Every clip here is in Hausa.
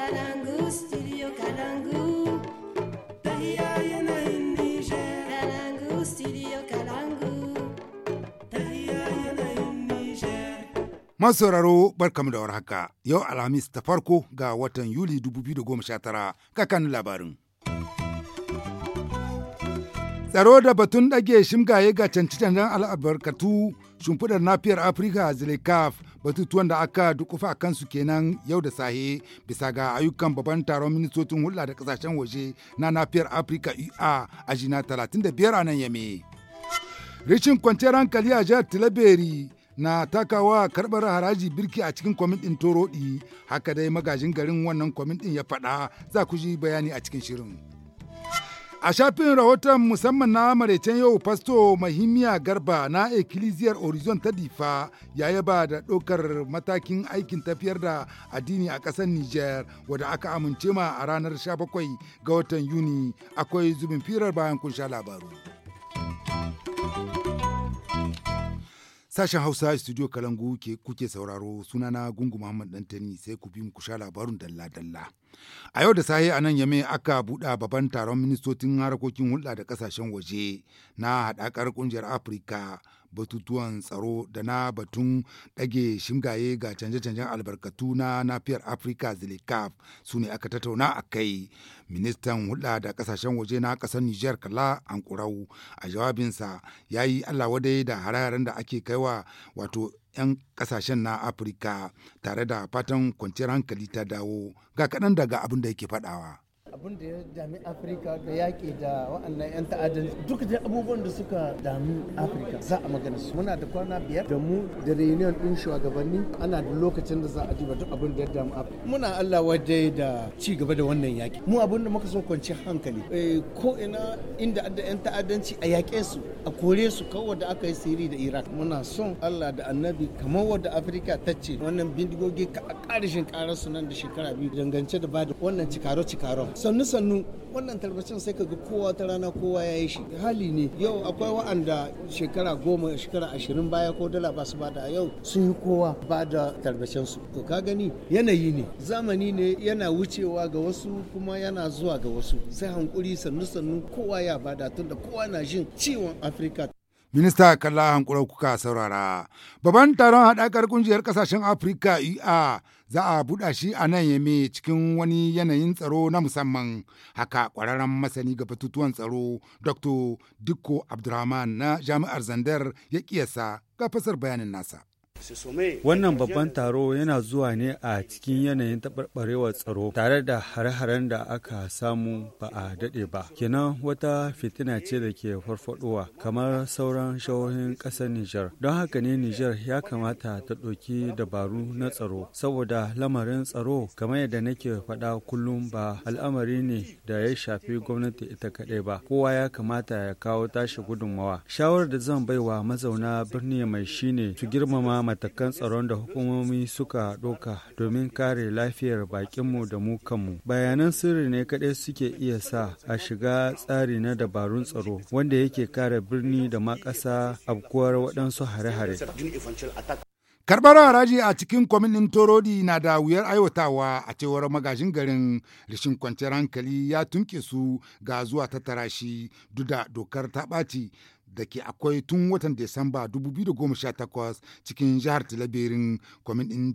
Kalangu, studio Kalangu. Tahiya yanayin Masauraro barkamu da warhaka. Yau Alhamis ta farko ga watan Yuli 2019 kakan labarin. Tsaro da batun ɗage shimgaye ga cancantar al'abarkatu shimfiɗar nafiyar Afirka zilikaf batutuwan da aka dukufa a kansu kenan yau da sahe bisa ga ayyukan babban taron ministocin hulɗa da ƙasashen waje na nafiyar Afirka UA a jina 35 a nan yame. Rishin kwanciyar hankali a jihar Tilaberi na takawa karbar haraji birki a cikin kwamitin Toroɗi haka dai magajin garin wannan kwamitin ya faɗa za ku ji bayani a cikin shirin. A shafin rahoton musamman na maraicen yau fasto mahimmiya garba na ekiliziyar Horizon ta difa ya yaba da ɗaukar matakin aikin tafiyar da addini a ƙasar Nijar wadda aka amince ma a ranar 17 ga watan Yuni akwai zubin firar bayan kun sha labaru. Sashen Hausa Studio Kalangu kuke sauraro sunana Gungu Muhammad Dantani sai ku bi mu ku labarun dalla-dalla. A yau da sahi a nan yame aka buɗa babban taron ministocin harkokin hulɗa da ƙasashen waje na haɗakar ƙungiyar Afirka batutuwan tsaro da na batun ɗage shingaye ga canje-canjen albarkatu na nafiyar Afirka zilikaf su ne aka tattauna a kai. Ministan hulɗa da ƙasashen waje na ƙasar Nijar Kala Ankurau a jawabinsa ya yi Allah wadai da hare-haren da ake kaiwa wato 'yan kasashen na afirka tare da fatan kwanciyar hankali ta dawo ga kaɗan daga abin da yake faɗawa. abin da ya dami afirka ga yaƙi da wa'annan 'yan ta'addan duk da abubuwan da suka dami afirka za a magana su muna da kwana biyar da mu da reunion din shugabanni ana da lokacin da za a duba duk abin da ya dami afirka muna allah waje da ci gaba da wannan yaƙi mu abin da muka so kwanci hankali eh, ko ina inda da 'yan ta'addanci a yaƙe su a kore su kawai da aka yi siri da iraq muna son allah da annabi kamar wadda afirka ta ce wannan bindigogi ka a ƙarshen ƙararsu nan da shekara biyu dangance da ba da wannan cikaro-cikaron sannu sannu wannan talbacin sai ka ga kowa ta rana kowa ya yi shi hali ne yau akwai wa'anda shekara goma shekara ashirin baya ko dala ba su bada yau sun yi kowa ba da tarbacen su to ka gani yanayi ne zamani ne yana wucewa ga wasu kuma yana zuwa ga wasu sai hankuri sannu sannu kowa ya bada tunda kowa na jin ciwon afirka Minista kalla hankurar kuka saurara. Babban taron haɗakar ƙungiyar ƙasashen Afirka UA e za a buɗa shi a nan yame cikin wani yanayin tsaro na musamman haka ƙwararren masani ga batutuwan tsaro Dr. Dikko Abdurrahman na Jami'ar Zandar ya ƙiyasa ga fasar bayanin nasa. Wannan babban taro yana zuwa ne a cikin yanayin taɓarɓarewar tsaro tare da hare-haren da aka samu ba a daɗe ba. Kenan wata fitina ce da ke farfadowa kamar sauran shahohin ƙasar Nijar. Don haka ne Nijar ya kamata ta ɗauki dabaru na tsaro saboda lamarin tsaro kamar yadda nake faɗa kullum ba al'amari ne da ya shafi gwamnati ita kaɗai ba. Kowa ya kamata ya kawo tashi gudunmawa. Shawarar da zan baiwa mazauna birni mai shine su girmama matakan tsaron da hukumomi suka ɗauka domin kare lafiyar bakinmu da mu kanmu. Bayanan sirri ne kadai suke iya sa a shiga tsari na dabarun tsaro wanda yake kare birni da ma abkuwar waɗansu hare-hare. karɓar haraji a cikin kwamitin torodi na da wuyar aiwatawa a cewar magajin garin rashin kwanciyar hankali ya tunke su ga zuwa ta tarashi duk da dokar ta ɓaci da ke akwai tun watan Desamba 2018 cikin jihar Talabirin kwamitin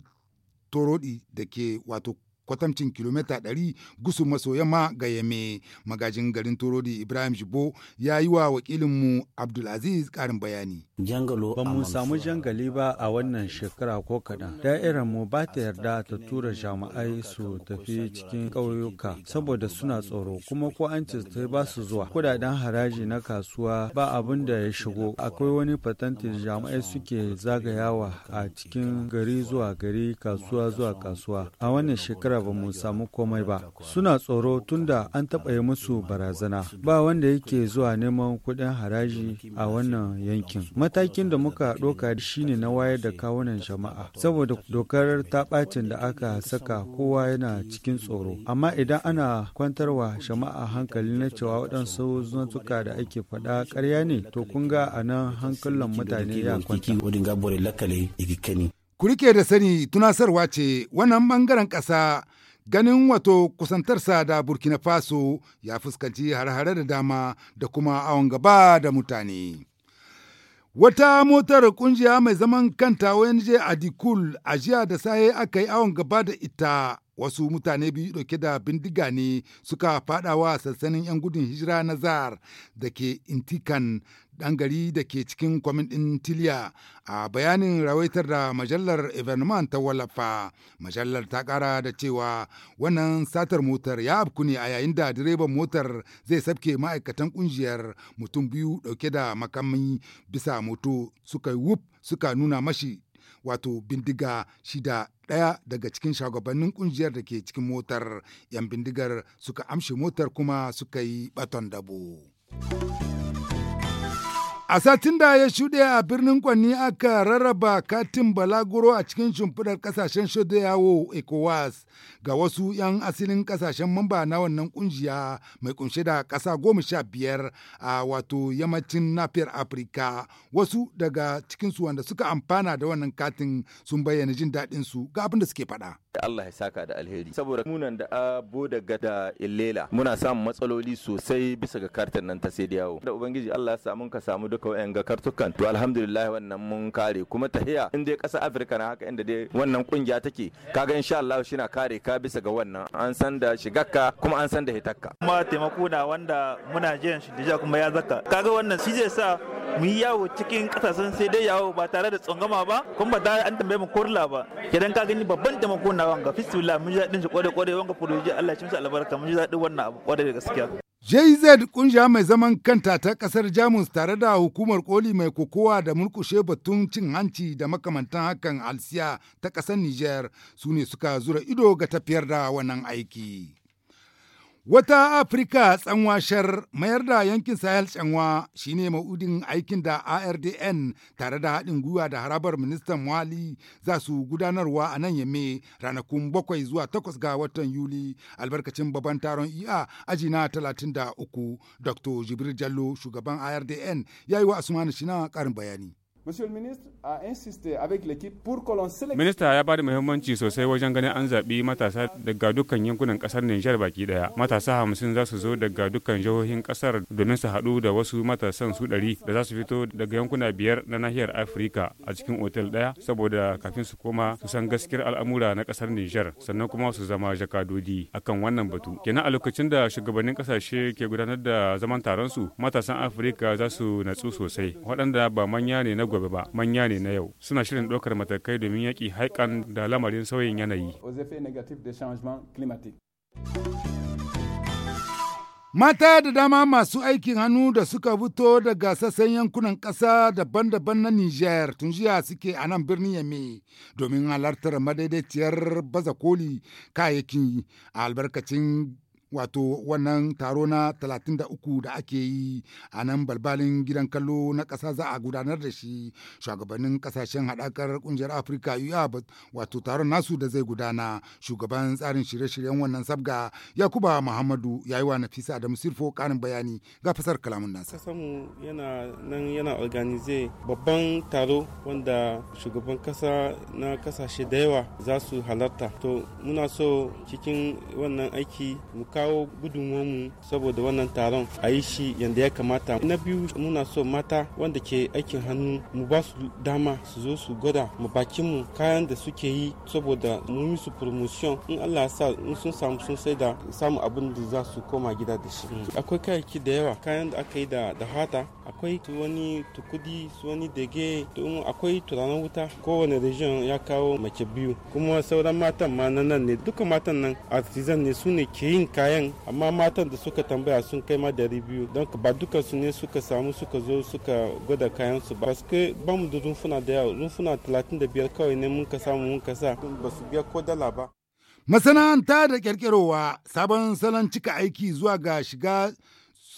Torodi da ke wato kwatamcin kilomita 100 gusu maso yamma ga yame magajin garin torodi ibrahim jibo ya yi wa wakilinmu abdulaziz karin bayani jangalo ba mu samu jangali ba a wannan shekara ko kaɗan da'irar mu ba ta yarda ta tura jama'ai su tafi cikin ƙauyuka saboda suna tsoro kuma ko an ce ba su zuwa kudaden haraji na kasuwa ba abin da ya shigo akwai wani fatanti jama'ai suke zagayawa a cikin gari zuwa gari kasuwa zuwa kasuwa a wannan shekara nasara ba mu samu komai ba suna tsoro tunda an taɓa yi musu barazana ba wanda yake zuwa neman kuɗin haraji a wannan yankin matakin da muka ɗoka shine na wayar da kawunan jama'a saboda dokar ta ɓacin da aka saka kowa yana cikin tsoro amma idan ana kwantarwa jama'a hankali na cewa waɗansu zuntuka da ake faɗa ƙarya ne to kun ga a nan hankalin mutane ya kwanta kurike da sani tunasarwa ce wannan bangaren ƙasa ganin wato kusantarsa da Burkina Faso ya fuskanci har-hare da dama da kuma awon gaba da mutane. Wata motar kungiya mai zaman kanta ONG Adikul a jiya da saye aka yi awon gaba da ita wasu mutane biyu dauke da bindiga ne suka fadawa sansanin 'yan gudun hijira na zar da ke intikan ɗan gari da ke cikin kwamin ɗin Tiliya a bayanin rawaitar da majallar Evenement ta wallafa. Majallar ta ƙara da cewa wannan satar motar ya afku ne a yayin da direban motar zai sabke ma'aikatan ƙungiyar mutum biyu ɗauke da makamai bisa moto suka wuf suka nuna mashi wato bindiga shida ɗaya daga cikin shagabannin kungiyar da ke cikin motar 'yan bindigar suka amshe motar kuma suka yi baton dabo. A satin da ya shuɗe a birnin Kwanni aka rarraba katin balaguro a cikin shimfiɗar ƙasashen yawo ECOWAS ga wasu 'yan asalin kasashen mamba na wannan ƙungiya mai kunshe da ƙasa goma sha biyar a wato yammacin nafiyar Afirka. Wasu daga cikinsu wanda suka amfana da wannan katin sun bayyana jin daɗinsu ga abin da suke faɗa. da Allah ya saka da alheri saboda munan da boda daga da illela muna samun matsaloli sosai bisa ga kartar nan ta sai yawo da ubangiji Allah ya samu ka samu duka wayan ga kartukan to alhamdulillah wannan mun kare kuma tahiya in dai kasa Afirka na haka inda dai wannan kungiya take kaga insha Allah shi na kare ka bisa ga wannan an san da shigarka kuma an san da hitakka kuma taimako na wanda muna jiyan shi kuma ya zaka kaga wannan shi zai sa mu yi yawo cikin kasashen sai dai yawo ba tare da tsangama ba kuma ba tare an tambaye mu kurla ba idan ka gani babban taimako na wanga fisbila mun ji daɗin shi kware kware wanga furoji Allah ya albarka mun ji daɗin wannan abu kware da gaskiya JZ kungiya mai zaman kanta ta kasar Jamus tare da hukumar koli mai kokowa da murkushe batun cin hanci da makamantan hakan alsiya ta kasar Niger su ne suka zura ido ga tafiyar da wannan aiki. Wata Afirka tsanwashar mayar da yankin Sahel tsanwa ne ma'udin aikin da ARDN tare da haɗin gwiwa da harabar ministan Mali za su gudanarwa a nan yamme ranakun bakwai zuwa takwas ga watan Yuli albarkacin babban taron IA e aji na uku, Dr. Jibril Jallo shugaban ARDN ya yi wa Asmanu Shina ƙarin bayani. Minista ya ba da muhimmanci sosai wajen ganin an zaɓi matasa daga dukkan yankunan ƙasar Nijar baki ɗaya. Matasa hamsin za su zo daga dukkan jihohin ƙasar domin su haɗu da wasu matasan su ɗari da za su fito daga yankuna biyar na nahiyar afirika a cikin otel ɗaya saboda kafin su koma su san gaskiyar al'amura na ƙasar Nijar sannan kuma su zama jakadodi akan wannan batu. Kenan a lokacin da shugabannin ƙasashe ke gudanar da zaman taron su matasan afirika za su natsu sosai waɗanda ba manya ne na gobe ba manya ne na yau suna shirin ɗaukar matakai domin yaƙi haikan da lamarin sauyin yanayi. Mata da dama masu aikin hannu da suka fito daga sassan yankunan ƙasa daban-daban na Nijar tun jiya suke a nan birnin Yame domin halartar madaidaiciyar baza koli kayayyakin a albarkacin wato wannan taro na 33 da ake yi a nan balbalin gidan kallo na ƙasa za a gudanar da shi shugabannin ƙasashen haɗakar ƙungiyar afirka uya wato taron nasu da zai gudana shugaban tsarin shirye-shiryen wannan sabga yakuba muhammadu ya yi wa nafisa da musirfo ƙarin bayani ga fasar kalamun nasa samu yana nan yana organize babban taro wanda shugaban ƙasa na ƙasashe da yawa za su halarta to muna so cikin wannan aiki mu kawo kawo gudunmu saboda wannan taron a yi shi yadda ya kamata na biyu muna so mata wanda ke aikin hannu mu ba su dama su zo su gwada mu bakinmu kayan da suke yi saboda mu yi su promotion in allah ya sa in sun samu sun sai da samu abin da za su koma gida da shi mm. akwai kayayyaki da yawa kayan da aka yi da hata akwai wani tukudi wani dege domin akwai turanen wuta kowane region ya kawo mace biyu kuma sauran matan ma nan ne duka matan nan artisan ne su ne ke yin kayan kayan amma matan da suka tambaya sun kai ma dari biyu don ba duka su ne suka samu suka zo suka gwada kayan su ba suke ba mu da rumfuna da yawa rumfuna talatin da biyar kawai ne muka samu muka sa ba su biya ko dala ba. masana'anta da kirkirowa sabon salon cika aiki zuwa ga shiga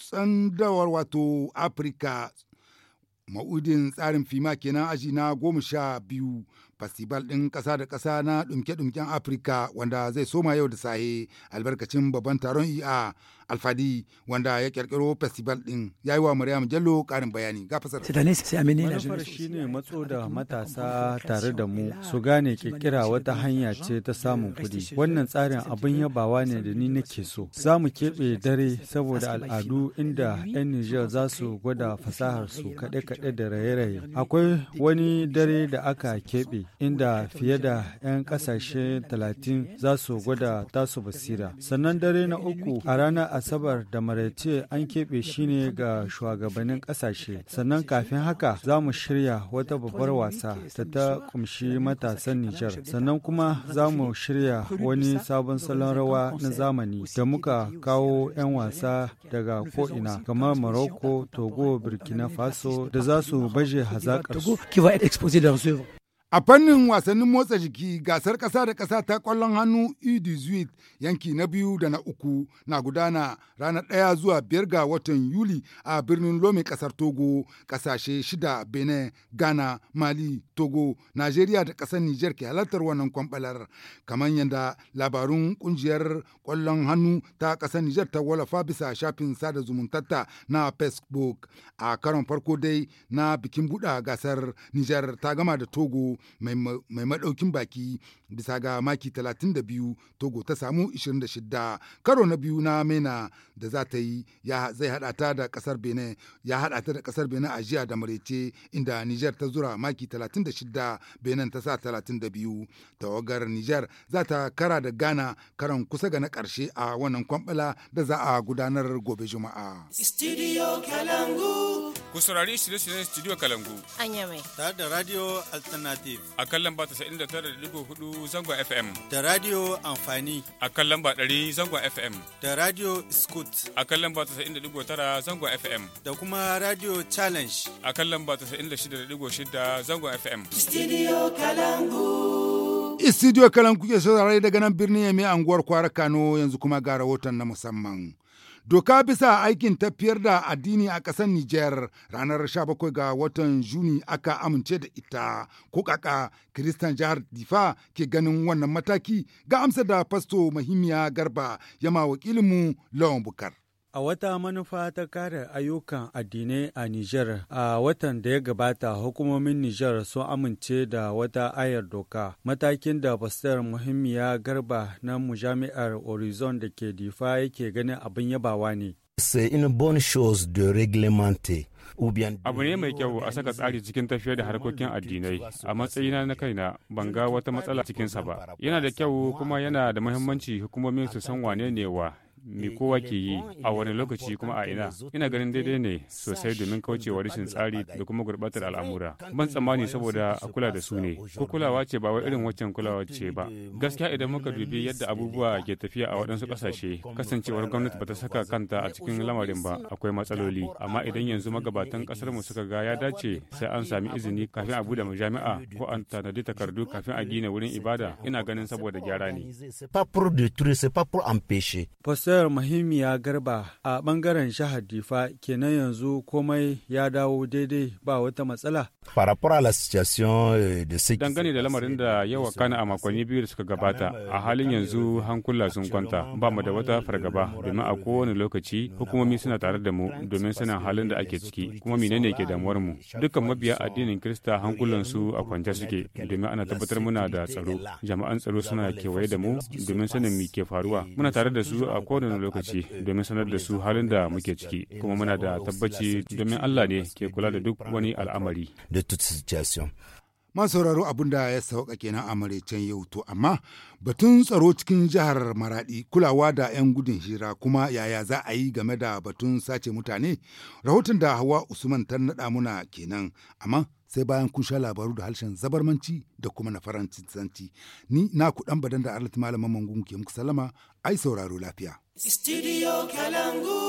tsandawar wato afirka ma'udin tsarin fima kenan aji na goma sha biyu festival ɗin ƙasa da ƙasa na ɗumke dumken afirka wanda zai soma yau da sahe albarkacin babban taron ia e alfadi wanda ya kirkiro festival din ya yi wa maryam jallo karin bayani ga fasar manufar shine matso da matasa tare da mu su gane kirkira wata hanya ce ta samun kuɗi wannan tsarin abin yabawa ne da ni nake so za mu keɓe dare saboda al'adu inda 'yan niger za su gwada fasahar su kaɗe-kaɗe da raye-raye akwai wani dare da aka keɓe inda fiye da 'yan ƙasashe 30 za su gwada tasu basira sannan dare na uku a ranar Asabar da Maraice an keɓe shi ne ga shugabannin ƙasashe. Sannan kafin haka za mu shirya wata babbar wasa ta ta ƙumshi matasan Nijar. Sannan kuma za mu shirya wani sabon salon rawa na zamani da muka kawo 'yan wasa daga ko'ina kamar Morocco, Togo, Burkina Faso da za su baje hazaƙarsu. A fannin wasannin motsa jiki gasar ƙasa da ƙasa ta kwallon hannu e yanki na biyu da na uku na gudana ranar ɗaya zuwa biyar ga watan Yuli a birnin Lome ƙasar Togo, ƙasashe shida Benin, Ghana, Mali, Togo, Najeriya da ƙasar Nijar ke halartar wannan kwamɓalar. Kamar yadda labarun ƙungiyar ƙwallon hannu ta ƙasar Nijar ta wallafa bisa shafin sada zumuntarta na Facebook. A karon farko dai na bikin buɗa gasar Nijar ta gama da Togo mai madaukin baki bisa ga maki 32 togo ta samu 26 karo na biyu na mena da za ta yi zai hada ta da kasar benin ya hada ta da kasar benin a jiya da marece inda niger ta zura maki 36 benin ta sa 32 tawagar niger za ta kara da ghana karan kusa ga na karshe a wannan kwambala da za a gudanar gobe juma'a. Studio Kalangu. Ku saurari shirye-shiryen Studio Kalangu. Anya mai. Tare da Radio Alternative. A kan lamba hudu zangon FM. Da Radio Amfani. A kan lamba 100 zangon FM. Da Radio Scoot. A kan lamba tara zangon FM. Da kuma Radio Challenge. A kan lamba shida zangon FM. Studio Kalangu. Studio Kalangu ke saurari daga nan birnin Yemi anguwar Kwara Kano yanzu kuma ga rahoton na musamman. Doka bisa aikin tafiyar da addini a ƙasar Nijar ranar 17 ga watan Juni aka amince da ita, ko kaka Kiristan jihar Difa ke ganin wannan mataki ga amsa da fasto Mahimiya Garba yama wakilinmu Lawan Bukar. A wata manufa ta kare ayyukan addinai a Nijar, a watan da ya gabata hukumomin Nijar sun amince da wata ayar doka, matakin da fasitar Muhimmiya Garba na Mujami'ar Horizon da ke difa yake ganin abin yabawa ne. de Abu ne mai kyau a saka tsari cikin tafiyar da harkokin addinai a matsayina na kaina ban ga wata matsala cikinsa ba. Yana da kyau kuma yana da muhimmanci hukumomin su san wane ne wa mi eh, kowa ke yi a wani lokaci kuma a ina ina ganin daidai ne sosai domin kaucewa rashin tsari da kuma gurbatar al'amura ban tsammani saboda a kula da su ne ko kulawa ce ba wai irin waccan kulawa ce ba gaskiya idan muka dubi yadda abubuwa ke tafiya a waɗansu ƙasashe kasancewar gwamnati bata saka kanta a cikin lamarin ba akwai matsaloli amma idan yanzu magabatan ƙasar mu suka ga ya dace sai an sami izini kafin a bude majami'a ko an tanadi takardu kafin a gina wurin ibada ina ganin saboda gyara ne. Pas pour détruire, c'est pas pour empêcher. tambayar muhimmiya garba a bangaren shahar difa kenan yanzu komai ya dawo daidai ba wata matsala par rapport la situation eh, Dangane da lamarin da yawa kana a makonni biyu da suka gabata, eh, a halin yanzu hankula sun kwanta, ba mu da wata fargaba domin a kowane lokaci hukumomi suna tare da mu domin sanin halin da ake ciki, kuma menene ke damuwar mu. Dukkan mabiya addinin Kirista hankulan su a kwance suke domin ana tabbatar muna da tsaro. jama'an tsaro suna kewaye da mu domin sanin me ke faruwa. Muna tare da su a kowane lokaci euh, domin sanar da su halin da muke ciki, kuma muna da tabbaci domin Allah ne ke kula da duk wani al'amari. da situation. man sauraro abin da ya sauka kenan a maraicen yau to amma batun tsaro cikin jihar maradi kulawa da 'yan gudun hira kuma yaya za a yi game da batun sace mutane rahoton da hawa usman ta naɗa muna kenan amma sai bayan kun sha labaru da harshen zabarmanci da kuma na faransanci ni na kuɗan badan da arlit malaman mangungu ke muku salama ai sauraro lafiya. Studio Kalangu.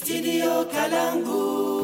studio kalangu